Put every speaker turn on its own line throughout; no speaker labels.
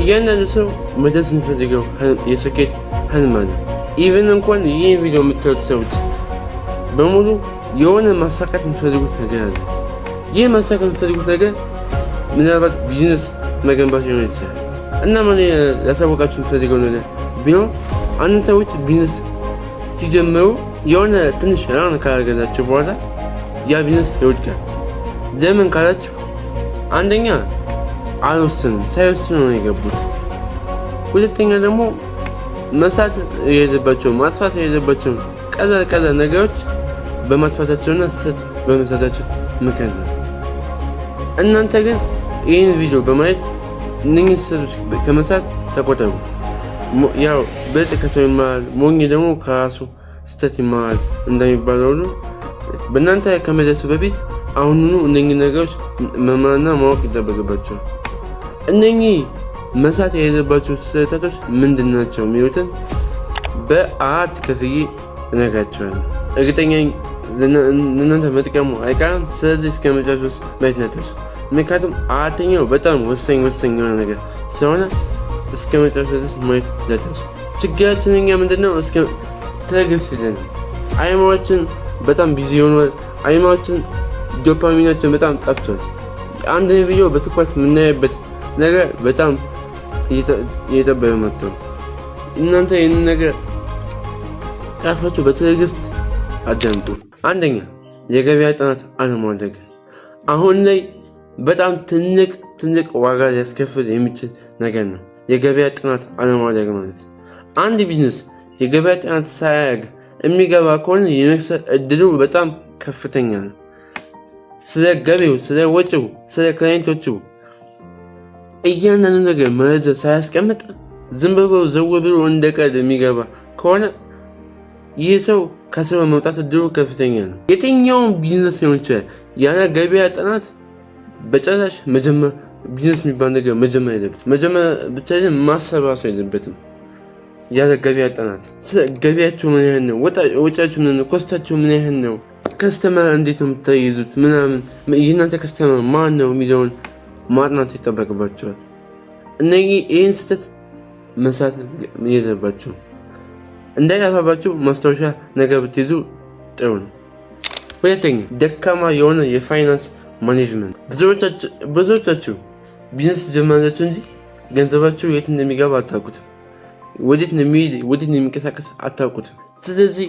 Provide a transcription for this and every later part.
እያንዳንዱ ሰው መድረስ የሚፈልገው የስኬት ህልም አለ። ኢቨን እንኳን ይህ ቪዲዮ የምታዩት ሰዎች በሙሉ የሆነ ማሳካት የሚፈልጉት ነገር አለ። ይህ ማሳካት የሚፈልጉት ነገር ምናልባት ቢዝነስ መገንባት ሊሆን ይችላል እና ማ ያሳወቃችሁ የሚፈልገው ነገር ቢሆን አንድ ሰዎች ቢዝነስ ሲጀምሩ የሆነ ትንሽ ራን ካደረገላቸው በኋላ ያ ቢዝነስ ይወድቃል። ለምን ካላችሁ አንደኛ አንስትን ሳይወስኑ ነው የገቡት። ሁለተኛ ደግሞ መስራት የሄደባቸው ማጥፋት የሄደባቸው ቀላል ቀላል ነገሮች በማጥፋታቸውና ስህተት በመስራታቸው ምክንያት ነው። እናንተ ግን ይህን ቪዲዮ በማየት እነኝህ ስህተቶች ከመስራት ተቆጠቡ። ያው ብልጥ ከሰው ይማራል፣ ሞኝ ደግሞ ከራሱ ስህተት ይማራል እንደሚባለው ሁሉ በእናንተ ከመድረሱ በፊት አሁኑኑ እነኝህ ነገሮች መማርና ማወቅ ይጠበቅባቸዋል። እነኚህ መሳት የሌለባቸው ስህተቶች ምንድን ናቸው የሚሉትን በአት ከፍዬ እነግራቸዋለሁ። እርግጠኛ ለእናንተ መጥቀሙ አይቀርም። ስለዚህ እስከ ውስጥ ማየት ነተሰ። ምክንያቱም አራተኛው በጣም ወሳኝ ወሳኝ የሆነ ነገር ስለሆነ እስከ መጨረሻ ድረስ ማየት ነተሰ። ችግራችን እኛ ምንድነው? እስከ ትዕግስት የለንም። አይምሯችን በጣም ቢዚ ሆኗል። አይምሯችን ዶፓሚናችን በጣም ጠፍቷል። አንድ ቪዲዮ በትኩረት የምናየበት ነገር በጣም እየጠበበ መጥቷል። እናንተ ይህንን ነገር ጣፋችሁ በትዕግስት አዳምጡ። አንደኛ የገበያ ጥናት አለማድረግ አሁን ላይ በጣም ትልቅ ትልቅ ዋጋ ሊያስከፍል የሚችል ነገር ነው። የገበያ ጥናት አለማድረግ ማለት አንድ ቢዝነስ የገበያ ጥናት ሳያደርግ የሚገባ ከሆነ የመክሰር እድሉ በጣም ከፍተኛ ነው። ስለ ገቢው፣ ስለ ወጪው፣ ስለ ክላይንቶቹ እያንዳንዱ ነገር መረጃ ሳያስቀምጥ ዝም ብሎ ዘው ብሎ እንደ የሚገባ ከሆነ ይህ ሰው ከስራ መውጣት እድሉ ከፍተኛ ነው። የትኛውን ቢዝነስ ሊሆን ይችላል። ያለ ገበያ ጥናት በጨራሽ መጀመር ቢዝነስ የሚባል ነገር መጀመር የለበት መጀመር ብቻ ማሰብ የለበትም። ያለ ገበያ ጥናት ገበያቸው ምን ያህል ነው፣ ወጫቸው ምን ነው፣ ኮስታቸው ምን ያህል ነው፣ ከስተመር እንዴት ነው የምታይዙት ምናምን፣ የእናንተ ከስተመር ማን ነው የሚለውን ማጥናት ይጠበቅባቸዋል። እነዚህ ይህን ስህተት መሳት የለባቸው። እንዳይጠፋባቸው ማስታወሻ ነገር ብትይዙ ጥሩ ነው። ሁለተኛ ደካማ የሆነ የፋይናንስ ማኔጅመንት። ብዙዎቻችሁ ቢዝነስ ጀመራችሁ እንጂ ገንዘባችሁ የት እንደሚገባ አታውቁትም። ወዴት እንደሚሄድ ወዴት እንደሚንቀሳቀስ አታውቁትም። ስለዚህ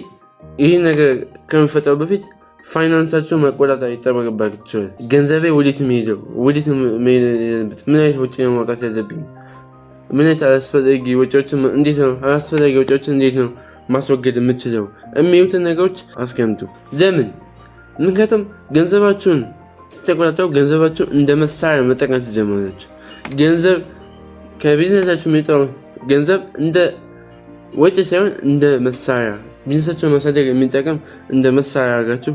ይህ ነገር ከሚፈጠሩ በፊት ፋይናንሳቸው መቆጣጠር ይጠበቅባቸዋል። ገንዘቤ ወዴት የሚሄደው ወዴት መሄድ ምን አይነት ወጪ ነው ማውጣት ያለብኝ፣ ምን አይነት አላስፈላጊ ወጪዎችን እንዴት ነው አላስፈላጊ ወጪዎችን እንዴት ነው ማስወገድ የምችለው የሚሉትን ነገሮች አስቀምጡ። ለምን? ምክንያቱም ገንዘባችሁን ስትቆጣጠሩ ገንዘባቸው እንደ መሳሪያ መጠቀም ትጀምራላችሁ። ገንዘብ ከቢዝነሳቸው የሚጠሩ ገንዘብ እንደ ወጪ ሳይሆን እንደ መሳሪያ ጅንሳቸውን ማሳደግ የሚጠቅም እንደ መሳሪያ አድርጋችሁ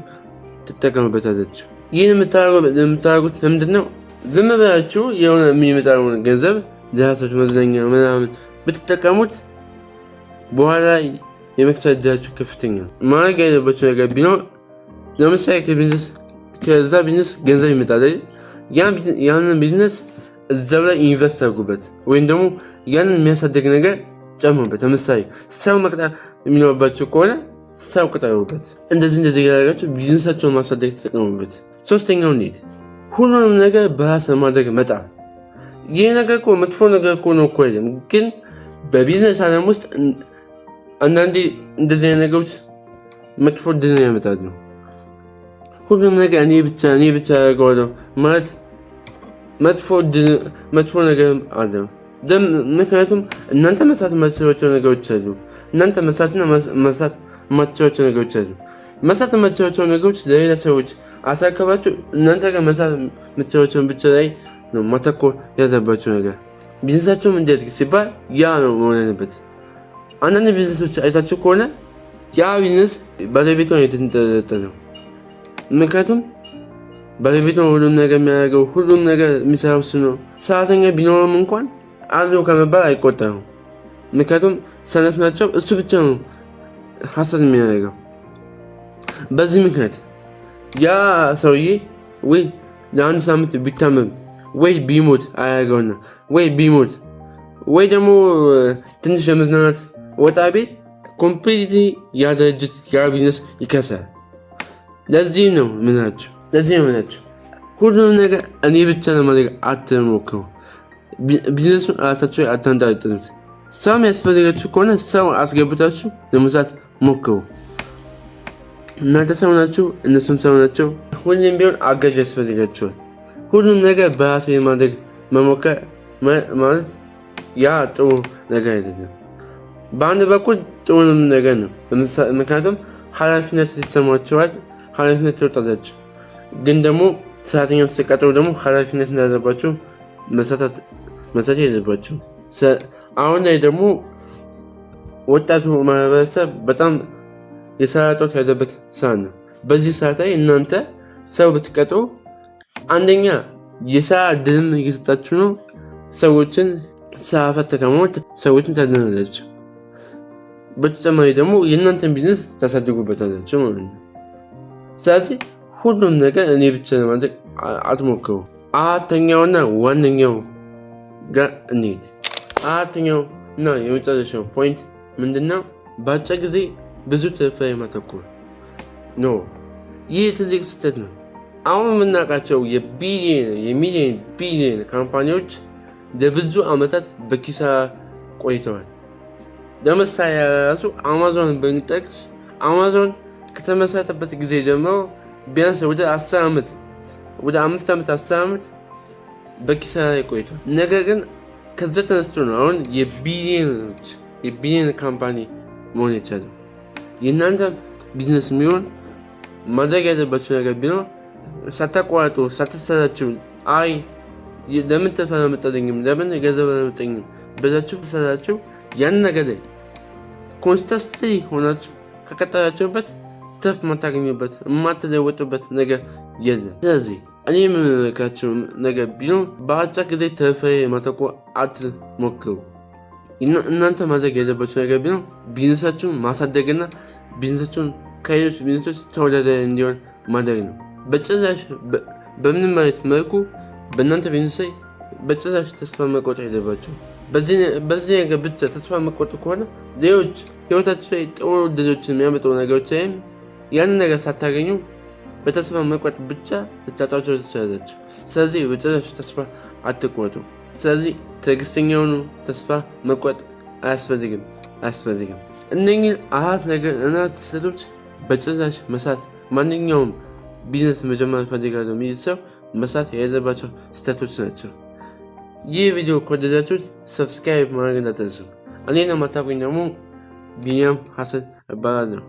ትጠቀምበታለች። ይህን የምታደርጉት ለምንድን ነው? ዝም ብላችሁ የሆነ የሚመጣውን ገንዘብ ለራሳችሁ መዝናኛ ምናምን ብትጠቀሙት በኋላ የመክሰር እድላችሁ ከፍተኛ። ማድረግ ያለባቸው ነገር ቢኖር ለምሳሌ ከቢዝነስ ከዛ ቢዝነስ ገንዘብ ይመጣል። ያንን ቢዝነስ እዛው ላይ ኢንቨስት አድርጉበት፣ ወይም ደግሞ ያንን የሚያሳድግ ነገር ጨምሩበት። ለምሳሌ ሰው መቅጠር የሚኖርባቸው ከሆነ ሰው ቅጠሩበት። እንደዚህ እንደዚህ ያደረጋቸው ቢዝነሳቸውን ማሳደግ ተጠቀሙበት። ሶስተኛው ኒድ ሁሉንም ነገር በራስ ለማድረግ መጣ። ይህ ነገር እኮ መጥፎ ነገር እኮ ነው እኮ አይደለም፣ ግን በቢዝነስ ዓለም ውስጥ አንዳንዴ እንደዚህ ነገሮች መጥፎ ድን ያመጣሉ። ሁሉም ነገር እኔ ብቻ እኔ ብቻ ያደርገዋለሁ ማለት መጥፎ ነገር አለው። ምክንያቱም እናንተ መስራት የማትችሏቸው ነገሮች አሉ። እናንተ መስራትና መስራት የማትችሏቸው ነገሮች አሉ። መስራት የማትችሏቸው ነገሮች ለሌላ ሰዎች አሳከባችሁ። እናንተ ጋር መስራት የምትችሏቸውን ብቻ ላይ ነው ማተኮር ያለባቸው ነገር። ቢዝነሳቸውም እንዲያድግ ሲባል ያ ነው መሆን ያለበት። አንዳንድ ቢዝነሶች አይታቸው ከሆነ ያ ቢዝነስ ባለቤቱ ነው የተንጠለጠለው። ምክንያቱም ባለቤቱ ሁሉም ነገር የሚያደርገው ሁሉም ነገር የሚሰራው እሱ ነው። ሰራተኛ ቢኖርም እንኳን አሉ ከመባል አይቆጠሩም። ምክንያቱም ሰነፍ ናቸው። እሱ ብቻ ነው ሀሰት የሚያደርገው። በዚህ ምክንያት ያ ሰውዬ ወይ ለአንድ ሳምንት ቢታመም ወይ ቢሞት አያገውና ወይ ቢሞት ወይ ደግሞ ትንሽ ለመዝናናት ወጣ ቤት ኮምፕሊት ያ ድርጅት ያ ቢዝነስ ይከሳል። ለዚህም ነው ምናቸው ለዚህ ነው ምናቸው ሁሉንም ነገር እኔ ብቻ ለማድረግ አትሞክሩ። ቢዝነሱን ራሳቸው አታንዳጥኑት። ሰውም ያስፈልጋችሁ ከሆነ ሰው አስገብታችሁ ለመስራት ሞክሩ። እናንተ ሰው ናችሁ፣ እነሱም ሰው ናቸው። ሁሉም ቢሆን አጋዥ ያስፈልጋችኋል። ሁሉም ነገር በራሴ ማድረግ መሞከር ማለት ያ ጥሩ ነገር አይደለም። በአንድ በኩል ጥሩ ነገር ነው፣ ምክንያቱም ኃላፊነት ይሰማቸዋል ኃላፊነት ትወጣላችሁ። ግን ደግሞ ሰራተኛ ተቀጥሮ ደግሞ ኃላፊነት እንዳለባቸው መሳታት መሰት የለባቸው። አሁን ላይ ደግሞ ወጣቱ ማህበረሰብ በጣም የስራ እጦት ያለበት ሰ ነው። በዚህ ሰዓት ላይ እናንተ ሰው ብትቀጡ አንደኛ የስራ እድልን እየሰጣችሁ ነው። ሰዎችን ስራ ፈት ከመሆን ሰዎችን ታድናላችሁ። በተጨማሪ ደግሞ የእናንተን ቢዝነስ ታሳድጉበታላችሁ ማለት ነው። ስለዚህ ሁሉም ነገር እኔ ብቻ ለማድረግ አትሞክሩ። አራተኛውና ዋነኛው ጋኒት አራተኛው እና የመጨረሻው ፖይንት ምንድነው? በአጭር ጊዜ ብዙ ትርፍ ላይ ማተኮር ኖ። ይህ ትልቅ ስህተት ነው። አሁን የምናውቃቸው የቢሊየን የሚሊየን ቢሊየን ካምፓኒዎች ለብዙ ዓመታት በኪሳራ ቆይተዋል። ለምሳሌ ራሱ አማዞን ብንጠቅስ አማዞን ከተመሰረተበት ጊዜ ጀምሮ ቢያንስ ወደ ዓመት ወደ አምስት ዓመት አስር ዓመት በኪሳራ ቆይቷል። ነገር ግን ከዛ ተነስቶ ነው አሁን የቢሊዮኖች የቢሊዮን ካምፓኒ መሆን የቻለ። የእናንተ ቢዝነስ የሚሆን ማድረግ ያለባቸው ነገር ቢኖር ሳታቋርጡ ሳትሰላችሁ፣ አይ ለምን ተፈረመጠልኝም ለምን ገንዘብ ለመጠኝም በዛችሁ ተሰላችሁ ያን ነገር ላይ ኮንስተስ ሆናችሁ ከቀጠላችሁበት ትርፍ የማታገኙበት የማትለወጡበት ነገር የለም። ስለዚህ እኔ የምመካቸው ነገር ቢኖር በአጭር ጊዜ ተፈሬ ማተኮር አትሞክሩ። እናንተ ማድረግ ያለባቸው ነገር ቢኖር ቢዝነሳችሁን ማሳደግና ቢዝነሳችሁን ከሌሎች ቢዝነሶች ተወዳዳሪ እንዲሆን ማድረግ ነው። በጭራሽ በምንም አይነት መልኩ በእናንተ ቢዝነስ ላይ በጭራሽ ተስፋ መቆጠር የለባቸው። በዚህ ነገር ብቻ ተስፋ መቆጠር ከሆነ ሌሎች ህይወታችሁ ላይ ጥሩ ድሎችን የሚያመጡ ነገሮች ላይም ያንን ነገር ሳታገኙ በተስፋ መቁረጥ ብቻ ልታጧቸው ትችላለች። ስለዚህ በጭራሽ ተስፋ አትቆጡ። ስለዚህ ትዕግስተኛ ተስፋ መቁረጥ አያስፈልግም አያስፈልግም። እነኝህን አራት ነገር እናት ስህተቶች በጭራሽ መሳት ማንኛውም ቢዝነስ መጀመር ፈልጋለሁ የሚል ሰው መሳት የሌለባቸው ስህተቶች ናቸው። ይህ ቪዲዮ ከወደዳችሁት ሰብስክራይብ ማድረግ እንዳትረሱ። ነው ለማታውቁኝ ደግሞ ቢኒያም ሀሰን እባላለሁ።